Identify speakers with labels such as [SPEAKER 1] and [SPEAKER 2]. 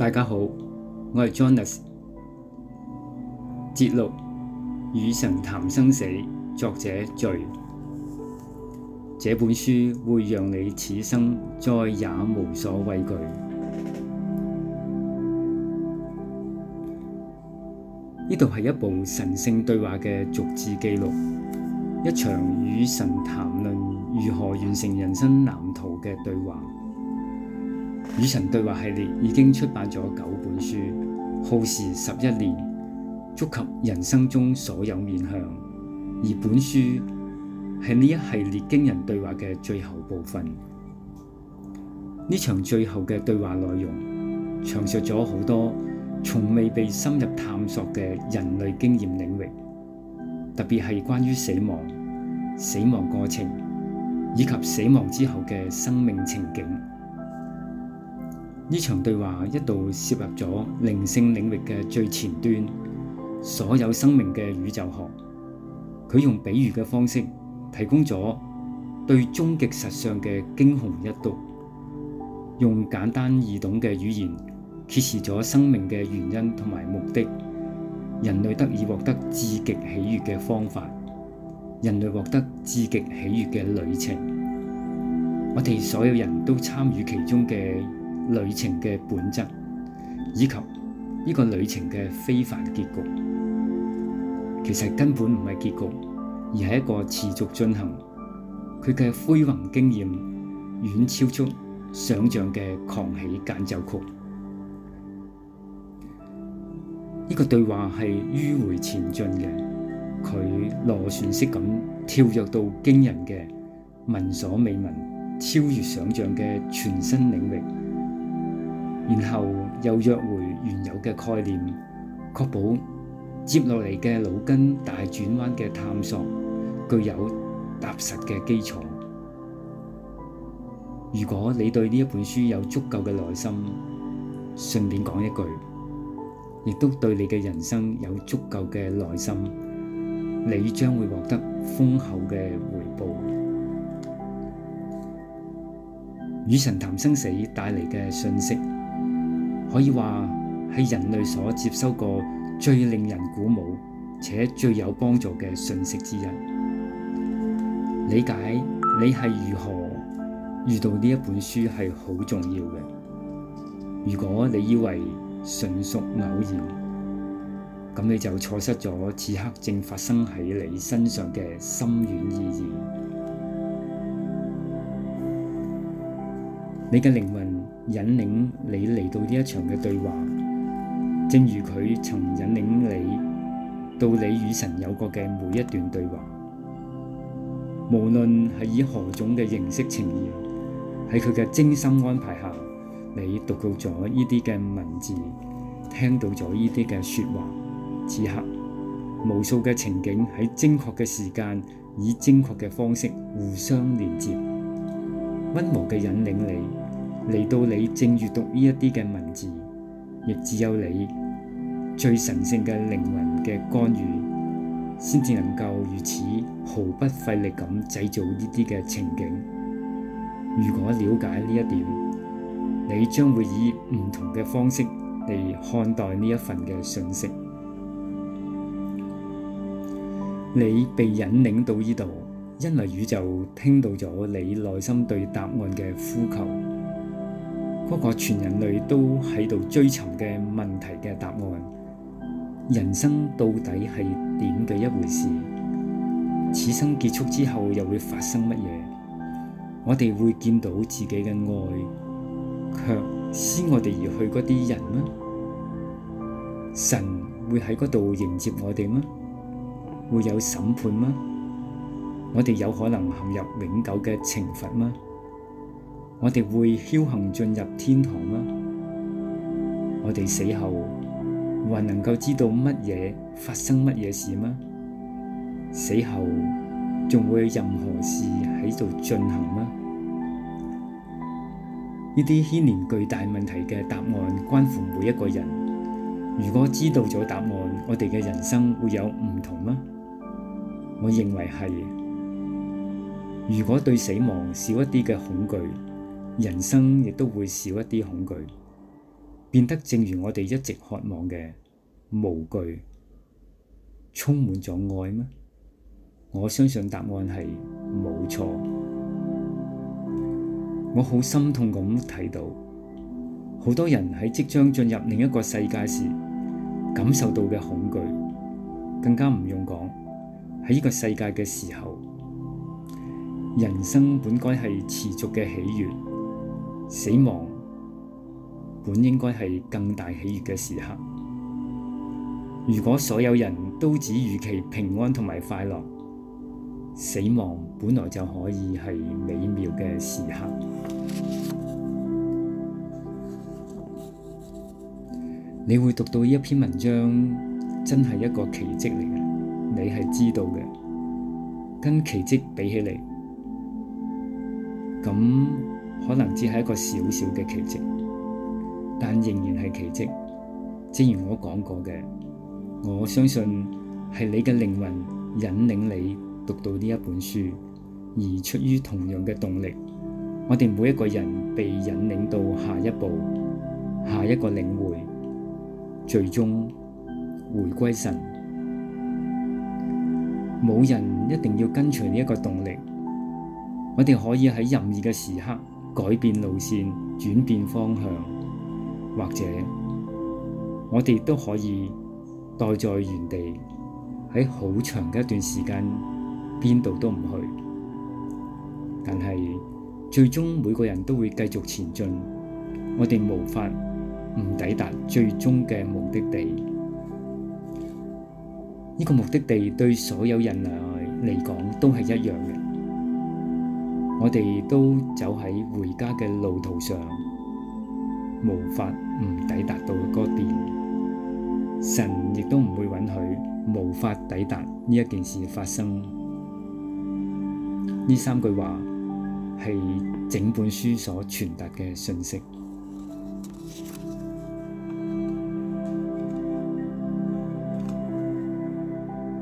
[SPEAKER 1] 大家好，我係 Jonas。節錄《與神談生死》，作者序。這本書會讓你此生再也無所畏懼。呢度係一部神聖對話嘅逐字記錄，一場與神談論如何完成人生藍圖嘅對話。與神對話系列已經出版咗九本書，耗時十一年，觸及人生中所有面向。而本書係呢一系列驚人對話嘅最後部分。呢場最後嘅對話內容，詳述咗好多從未被深入探索嘅人類經驗領域，特別係關於死亡、死亡過程以及死亡之後嘅生命情景。呢場對話一度涉入咗靈性領域嘅最前端，所有生命嘅宇宙學。佢用比喻嘅方式提供咗對終極實相嘅驚鴻一讀，用簡單易懂嘅語言揭示咗生命嘅原因同埋目的。人類得以獲得至極喜悅嘅方法，人類獲得至極喜悅嘅旅程。我哋所有人都參與其中嘅。旅程嘅本質，以及呢個旅程嘅非凡結局，其實根本唔係結局，而係一個持續進行。佢嘅輝煌經驗遠超出想象嘅狂喜間奏曲。呢、這個對話係迂迴前進嘅，佢螺旋式咁跳躍到驚人嘅聞所未聞、超越想象嘅全新領域。然後又約回原有嘅概念，確保接落嚟嘅腦筋大轉彎嘅探索，具有踏實嘅基礎。如果你對呢一本書有足夠嘅耐心，順便講一句，亦都對你嘅人生有足夠嘅耐心，你將會獲得豐厚嘅回報。與神談生死帶嚟嘅信息。可以話係人類所接收過最令人鼓舞且最有幫助嘅訊息之一。理解你係如何遇到呢一本書係好重要嘅。如果你以為純屬偶然，咁你就錯失咗此刻正發生喺你身上嘅深遠意義。你嘅靈魂，引領你嚟到呢一場嘅對話，正如佢曾引領你到你與神有過嘅每一段對話，無論係以何種嘅形式呈現，喺佢嘅精心安排下，你讀到咗呢啲嘅文字，聽到咗呢啲嘅說話。此刻，無數嘅情景喺精確嘅時間，以精確嘅方式互相連接，温和嘅引領你。嚟到你正閱讀呢一啲嘅文字，亦只有你最神聖嘅靈魂嘅干預，先至能夠如此毫不費力咁製造呢啲嘅情景。如果了解呢一點，你將會以唔同嘅方式嚟看待呢一份嘅訊息。你被引領到呢度，因為宇宙聽到咗你內心對答案嘅呼求。不過全人類都喺度追尋嘅問題嘅答案，人生到底係點嘅一回事？此生結束之後又會發生乜嘢？我哋會見到自己嘅愛，卻先我哋而去嗰啲人咩？神會喺嗰度迎接我哋咩？會有審判咩？我哋有可能陷入永久嘅懲罰咩？我哋會僥倖進入天堂嗎？我哋死後還能夠知道乜嘢，發生乜嘢事嗎？死後仲會有任何事喺度進行嗎？呢啲牽連巨大問題嘅答案，關乎每一個人。如果知道咗答案，我哋嘅人生會有唔同嗎？我認為係。如果對死亡少一啲嘅恐懼。人生亦都會少一啲恐懼，變得正如我哋一直渴望嘅無懼，充滿咗愛咩？我相信答案係冇錯。我好心痛咁睇到好多人喺即將進入另一個世界時感受到嘅恐懼，更加唔用講喺呢個世界嘅時候，人生本該係持續嘅喜悅。死亡本應該係更大喜悅嘅時刻。如果所有人都只預期平安同埋快樂，死亡本來就可以係美妙嘅時刻。你會讀到呢一篇文章，真係一個奇蹟嚟嘅。你係知道嘅，跟奇蹟比起嚟，咁。可能只係一個小小嘅奇迹，但仍然係奇迹。正如我講過嘅，我相信係你嘅靈魂引領你讀到呢一本書，而出於同樣嘅動力，我哋每一個人被引領到下一步、下一個領會，最終回歸神。冇人一定要跟隨呢一個動力，我哋可以喺任意嘅時刻。改變路線，轉變方向，或者我哋都可以待在原地，喺好長嘅一段時間，邊度都唔去。但係最終每個人都會繼續前進，我哋無法唔抵達最終嘅目的地。呢個目的地對所有人來嚟講都係一樣嘅。我哋都走喺回家嘅路途上，無法唔抵達到嘅歌殿，神亦都唔會允許無法抵達呢一件事嘅發生。呢三句話係整本書所傳達嘅信息。